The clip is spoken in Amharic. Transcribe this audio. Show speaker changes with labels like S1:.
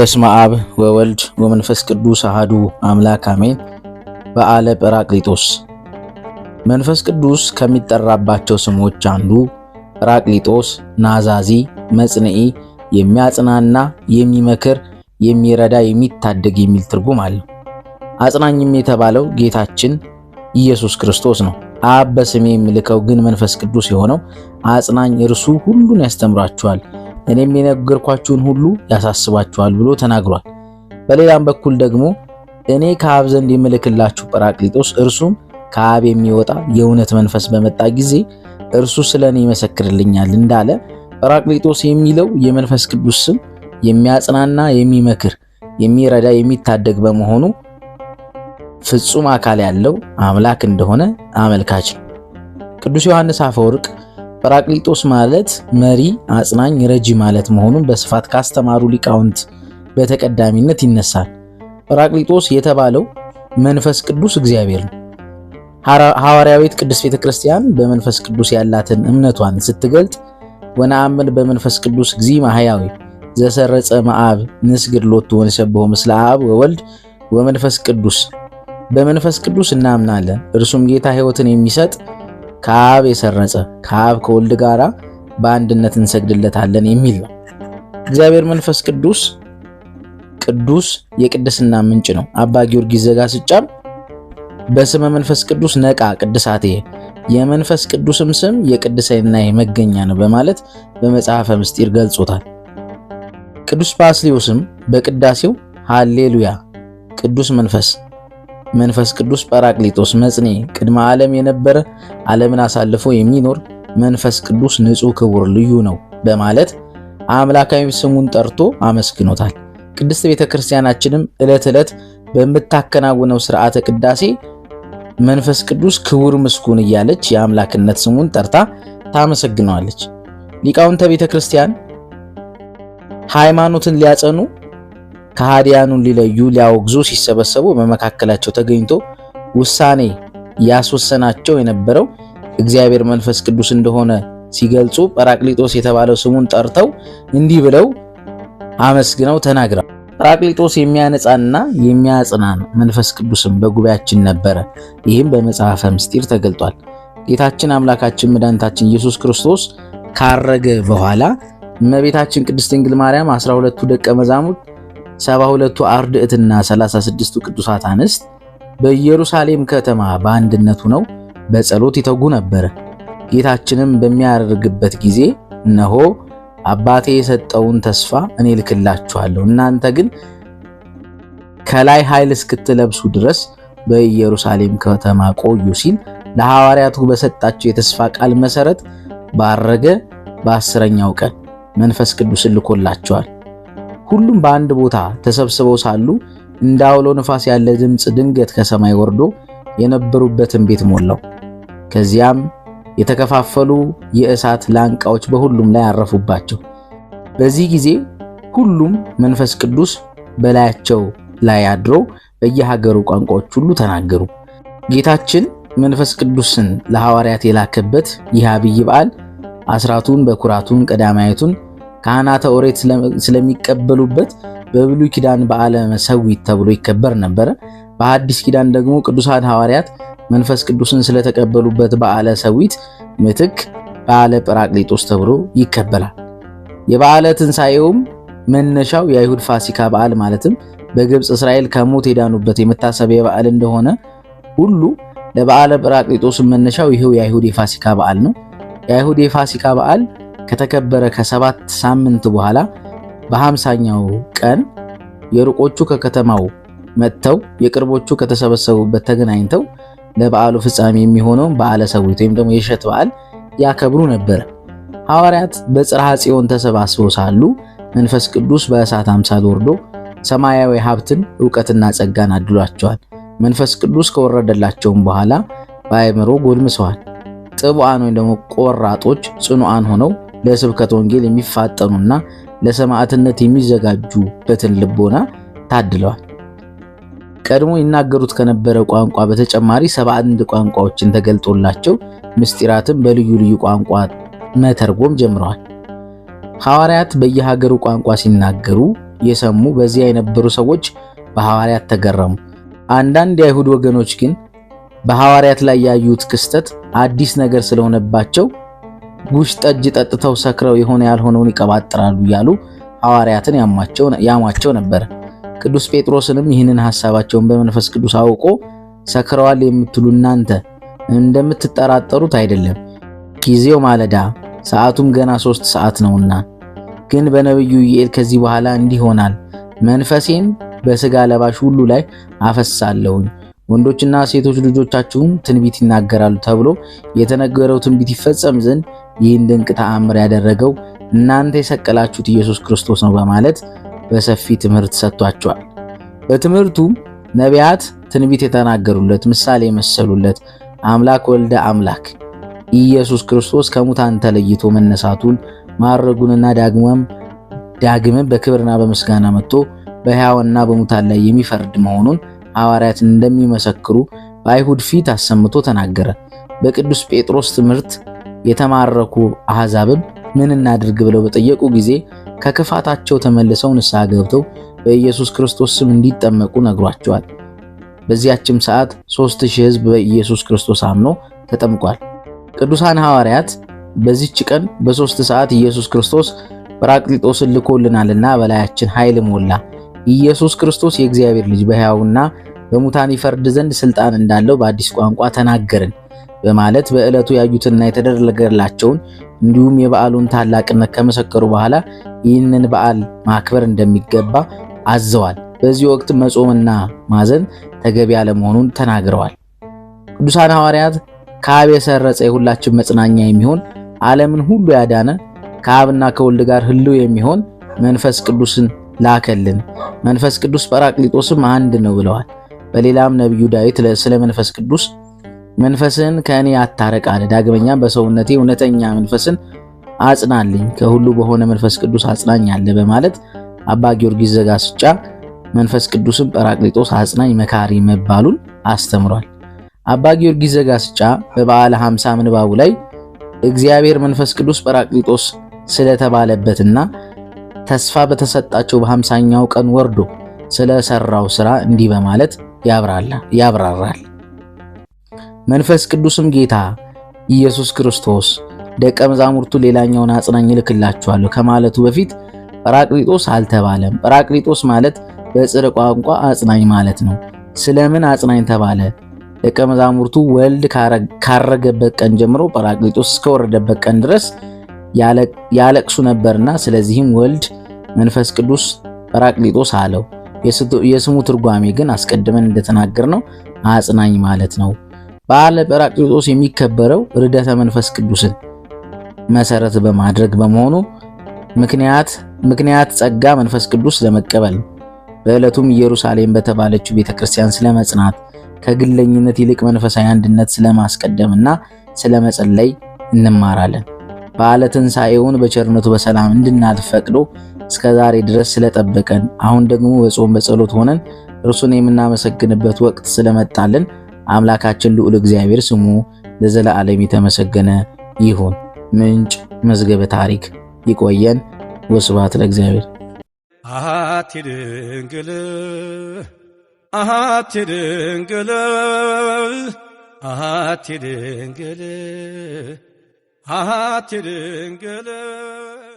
S1: በስመ አብ ወወልድ ወመንፈስ ቅዱስ አሃዱ አምላክ አሜን። በዓለ ጰራቅሊጦስ መንፈስ ቅዱስ ከሚጠራባቸው ስሞች አንዱ ጰራቅሊጦስ፣ ናዛዚ፣ መጽንዒ፣ የሚያጽናና፣ የሚመክር፣ የሚረዳ፣ የሚታደግ የሚል ትርጉም አለው። አጽናኝም የተባለው ጌታችን ኢየሱስ ክርስቶስ ነው። አብ በስሜ የሚልከው ግን መንፈስ ቅዱስ የሆነው አጽናኝ እርሱ ሁሉን ያስተምራችኋል እኔም የነገርኳችሁን ሁሉ ያሳስባችኋል ብሎ ተናግሯል። በሌላም በኩል ደግሞ እኔ ከአብ ዘንድ የምልክላችሁ ጰራቅሊጦስ እርሱም ከአብ የሚወጣ የእውነት መንፈስ በመጣ ጊዜ እርሱ ስለ እኔ ይመሰክርልኛል እንዳለ ጰራቅሊጦስ የሚለው የመንፈስ ቅዱስ ስም የሚያጽናና፣ የሚመክር፣ የሚረዳ፣ የሚታደግ በመሆኑ ፍጹም አካል ያለው አምላክ እንደሆነ አመልካች ነው። ቅዱስ ዮሐንስ አፈወርቅ ጰራቅሊጦስ ማለት መሪ፣ አጽናኝ፣ ረጂ ማለት መሆኑን በስፋት ካስተማሩ ሊቃውንት በተቀዳሚነት ይነሳል። ጰራቅሊጦስ የተባለው መንፈስ ቅዱስ እግዚአብሔር ነው። ሐዋርያዊት ቅድስት ቤተ ክርስቲያን በመንፈስ ቅዱስ ያላትን እምነቷን ስትገልጥ ወነአምን በመንፈስ ቅዱስ እግዚእ ማህያዊ ዘሰረጸ መአብ ንስግድ ሎቱ ወንሰብሖ ምስለ አብ ወወልድ ወመንፈስ ቅዱስ፣ በመንፈስ ቅዱስ እናምናለን እርሱም ጌታ ሕይወትን የሚሰጥ ከአብ የሰረጸ ከአብ ከወልድ ጋራ በአንድነት እንሰግድለታለን የሚል ነው። እግዚአብሔር መንፈስ ቅዱስ ቅዱስ የቅድስና ምንጭ ነው። አባ ጊዮርጊስ ዘጋስጫም በስመ መንፈስ ቅዱስ ነቃ ቅድሳቴ የመንፈስ ቅዱስም ስም የቅድስና መገኛ ነው በማለት በመጽሐፈ ምስጢር ገልጾታል። ቅዱስ ባስልዮስም በቅዳሴው ሃሌሉያ ቅዱስ መንፈስ መንፈስ ቅዱስ ጳራቅሊጦስ መጽኔ ቅድመ ዓለም የነበረ ዓለምን አሳልፎ የሚኖር መንፈስ ቅዱስ ንጹሕ ክቡር ልዩ ነው በማለት አምላካዊ ስሙን ጠርቶ አመስግኖታል። ቅድስት ቤተ ክርስቲያናችንም ዕለት ዕለት በምታከናውነው ስርዓተ ቅዳሴ መንፈስ ቅዱስ ክቡር ምስጉን እያለች የአምላክነት ስሙን ጠርታ ታመሰግነዋለች። ሊቃውንተ ቤተ ክርስቲያን ሃይማኖትን ሊያጸኑ ከሃዲያኑን ሊለዩ ሊያወግዙ ሲሰበሰቡ በመካከላቸው ተገኝቶ ውሳኔ ያስወሰናቸው የነበረው እግዚአብሔር መንፈስ ቅዱስ እንደሆነ ሲገልጹ ጰራቅሊጦስ የተባለው ስሙን ጠርተው እንዲህ ብለው አመስግነው ተናግረዋል። ጰራቅሊጦስ የሚያነጻና የሚያጽና መንፈስ ቅዱስም በጉባኤያችን ነበረ። ይህም በመጽሐፈ ምስጢር ተገልጧል። ጌታችን አምላካችን መድኃኒታችን ኢየሱስ ክርስቶስ ካረገ በኋላ እመቤታችን ቅድስት ድንግል ማርያም አስራ ሁለቱ ደቀ መዛሙርት ሰባ ሁለቱ አርድእትና ሰላሳ ስድስቱ ቅዱሳት አንስት በኢየሩሳሌም ከተማ በአንድነት ሆነው በጸሎት ይተጉ ነበር። ጌታችንም በሚያደርግበት ጊዜ እነሆ አባቴ የሰጠውን ተስፋ እኔ ልክላችኋለሁ፣ እናንተ ግን ከላይ ኃይል እስክትለብሱ ድረስ በኢየሩሳሌም ከተማ ቆዩ ሲል ለሐዋርያቱ በሰጣቸው የተስፋ ቃል መሰረት ባረገ በአስረኛው ቀን መንፈስ ቅዱስን ልኮላቸዋል። ሁሉም በአንድ ቦታ ተሰብስበው ሳሉ እንደ አውሎ ንፋስ ያለ ድምፅ ድንገት ከሰማይ ወርዶ የነበሩበትን ቤት ሞላው። ከዚያም የተከፋፈሉ የእሳት ላንቃዎች በሁሉም ላይ አረፉባቸው። በዚህ ጊዜ ሁሉም መንፈስ ቅዱስ በላያቸው ላይ አድሮ በየሀገሩ ቋንቋዎች ሁሉ ተናገሩ። ጌታችን መንፈስ ቅዱስን ለሐዋርያት የላከበት ይህ አብይ በዓል አስራቱን፣ በኩራቱን፣ ቀዳማየቱን ። ካህናተ ኦሬት ስለሚቀበሉበት በብሉይ ኪዳን በዓለ መሰዊት ተብሎ ይከበር ነበረ። በሐዲስ ኪዳን ደግሞ ቅዱሳን ሐዋርያት መንፈስ ቅዱስን ስለተቀበሉበት በዓለ ሰዊት ምትክ በዓለ ጰራቅሊጦስ ተብሎ ይከበራል። የበዓለ ትንሣኤውም መነሻው የአይሁድ ፋሲካ በዓል ማለትም በግብፅ እስራኤል ከሞት የዳኑበት የመታሰቢያ በዓል እንደሆነ ሁሉ ለበዓለ ጰራቅሊጦስ መነሻው ይሄው የአይሁድ የፋሲካ በዓል ነው። የአይሁድ የፋሲካ በዓል ከተከበረ ከሰባት ሳምንት በኋላ በሃምሳኛው ቀን የሩቆቹ ከከተማው መጥተው የቅርቦቹ ከተሰበሰቡበት ተገናኝተው ለበዓሉ ፍጻሜ የሚሆነውን በዓለ ሰዊት ወይም ደግሞ የእሸት በዓል ያከብሩ ነበረ። ሐዋርያት በጽርሐ ጽዮን ተሰባስበው ሳሉ መንፈስ ቅዱስ በእሳት አምሳል ወርዶ ሰማያዊ ሀብትን እውቀትና ጸጋን አድሏቸዋል። መንፈስ ቅዱስ ከወረደላቸውም በኋላ በአእምሮ ጎልምሰዋል። ጥቡአን ወይም ደግሞ ቆራጦች ጽኑአን ሆነው ለስብከት ወንጌል የሚፋጠኑና ለሰማዕትነት የሚዘጋጁበትን ልቦና ታድለዋል። ቀድሞ ይናገሩት ከነበረ ቋንቋ በተጨማሪ 71 ቋንቋዎችን ተገልጦላቸው ምስጢራትን በልዩ ልዩ ቋንቋ መተርጎም ጀምረዋል። ሐዋርያት በየሀገሩ ቋንቋ ሲናገሩ የሰሙ በዚያ የነበሩ ሰዎች በሐዋርያት ተገረሙ። አንዳንድ የአይሁድ ወገኖች ግን በሐዋርያት ላይ ያዩት ክስተት አዲስ ነገር ስለሆነባቸው ጉሽ ጠጅ ጠጥተው ሰክረው የሆነ ያልሆነውን ይቀባጥራሉ እያሉ ሐዋርያትን ያማቸው ነበር። ቅዱስ ጴጥሮስንም ይህንን ሐሳባቸውን በመንፈስ ቅዱስ አውቆ ሰክረዋል የምትሉ እናንተ እንደምትጠራጠሩት አይደለም፣ ጊዜው ማለዳ ሰዓቱም ገና ሶስት ሰዓት ነውና። ግን በነቢዩ ኢዩኤል ከዚህ በኋላ እንዲህ ይሆናል፣ መንፈሴን በሥጋ ለባሽ ሁሉ ላይ አፈሳለሁኝ፣ ወንዶችና ሴቶች ልጆቻችሁም ትንቢት ይናገራሉ ተብሎ የተነገረው ትንቢት ይፈጸም ዘንድ ይህን ድንቅ ተአምር ያደረገው እናንተ የሰቀላችሁት ኢየሱስ ክርስቶስ ነው በማለት በሰፊ ትምህርት ሰጥቷቸዋል። በትምህርቱም ነቢያት ትንቢት የተናገሩለት፣ ምሳሌ የመሰሉለት አምላክ ወልደ አምላክ ኢየሱስ ክርስቶስ ከሙታን ተለይቶ መነሳቱን ማድረጉንና ዳግመም ዳግምም በክብርና በምስጋና መጥቶ በሕያዋንና በሙታን ላይ የሚፈርድ መሆኑን ሐዋርያትን እንደሚመሰክሩ በአይሁድ ፊት አሰምቶ ተናገረ። በቅዱስ ጴጥሮስ ትምህርት የተማረኩ አሕዛብም ምን እናድርግ ብለው በጠየቁ ጊዜ ከክፋታቸው ተመልሰው ንስሐ ገብተው በኢየሱስ ክርስቶስ ስም እንዲጠመቁ ነግሯቸዋል። በዚያችም ሰዓት ሦስት ሺህ ሕዝብ በኢየሱስ ክርስቶስ አምኖ ተጠምቋል። ቅዱሳን ሐዋርያት በዚች ቀን በሦስት ሰዓት ኢየሱስ ክርስቶስ ጰራቅሊጦስን ልኮልናልና በላያችን ኃይል ሞላ። ኢየሱስ ክርስቶስ የእግዚአብሔር ልጅ በሕያውና በሙታን ይፈርድ ዘንድ ሥልጣን እንዳለው በአዲስ ቋንቋ ተናገርን። በማለት በዕለቱ ያዩትና የተደረገላቸውን እንዲሁም የበዓሉን ታላቅነት ከመሰከሩ በኋላ ይህንን በዓል ማክበር እንደሚገባ አዘዋል። በዚህ ወቅት መጾምና ማዘን ተገቢ አለመሆኑን ተናግረዋል። ቅዱሳን ሐዋርያት ከአብ የሰረጸ የሁላችን መጽናኛ የሚሆን ዓለምን ሁሉ ያዳነ ከአብና ከወልድ ጋር ሕልው የሚሆን መንፈስ ቅዱስን ላከልን። መንፈስ ቅዱስ ጰራቅሊጦስም አንድ ነው ብለዋል። በሌላም ነቢዩ ዳዊት ስለ መንፈስ ቅዱስ መንፈስህን ከእኔ አታረቅ አለ። ዳግመኛም በሰውነቴ እውነተኛ መንፈስን አጽናልኝ፣ ከሁሉ በሆነ መንፈስ ቅዱስ አጽናኝ አለ በማለት አባ ጊዮርጊስ ዘጋስጫ መንፈስ ቅዱስን ጰራቅሊጦስ አጽናኝ መካሪ መባሉን አስተምሯል። አባ ጊዮርጊስ ዘጋስጫ በበዓለ ሃምሳ ምንባቡ ላይ እግዚአብሔር መንፈስ ቅዱስ ጰራቅሊጦስ ስለተባለበትና ተስፋ በተሰጣቸው በሃምሳኛው ቀን ወርዶ ስለሰራው ስራ እንዲህ በማለት ያብራራል። መንፈስ ቅዱስም ጌታ ኢየሱስ ክርስቶስ ደቀ መዛሙርቱ ሌላኛውን አጽናኝ እልክላችኋለሁ ከማለቱ በፊት ጰራቅሊጦስ አልተባለም። ጰራቅሊጦስ ማለት በጽር ቋንቋ አጽናኝ ማለት ነው። ስለምን አጽናኝ ተባለ? ደቀ መዛሙርቱ ወልድ ካረገበት ቀን ጀምሮ ጰራቅሊጦስ እስከወረደበት ቀን ድረስ ያለቅሱ ነበርና፣ ስለዚህም ወልድ መንፈስ ቅዱስ ጰራቅሊጦስ አለው። የስሙ ትርጓሜ ግን አስቀድመን እንደተናገር ነው አጽናኝ ማለት ነው። በዓለ ጰራቅሊጦስ የሚከበረው ርደተ መንፈስ ቅዱስን መሰረት በማድረግ በመሆኑ ምክንያት ምክንያት ጸጋ መንፈስ ቅዱስ ለመቀበል በዕለቱም ኢየሩሳሌም በተባለችው ቤተክርስቲያን ስለመጽናት ከግለኝነት ይልቅ መንፈሳዊ አንድነት ስለማስቀደምና ስለመጸለይ እንማራለን። በዓለ ትንሣኤውን በቸርነቱ በሰላም እንድናልፍ ፈቅዶ እስከ ዛሬ ድረስ ስለጠበቀን አሁን ደግሞ በጾም በጸሎት ሆነን እርሱን የምናመሰግንበት ወቅት ስለመጣልን አምላካችን ልዑል እግዚአብሔር ስሙ ለዘለዓለም የተመሰገነ ይሁን። ምንጭ መዝገበ ታሪክ ይቆየን። ወስብሐት ለእግዚአብሔር። አትድንግል አትድንግል አትድንግል አትድንግል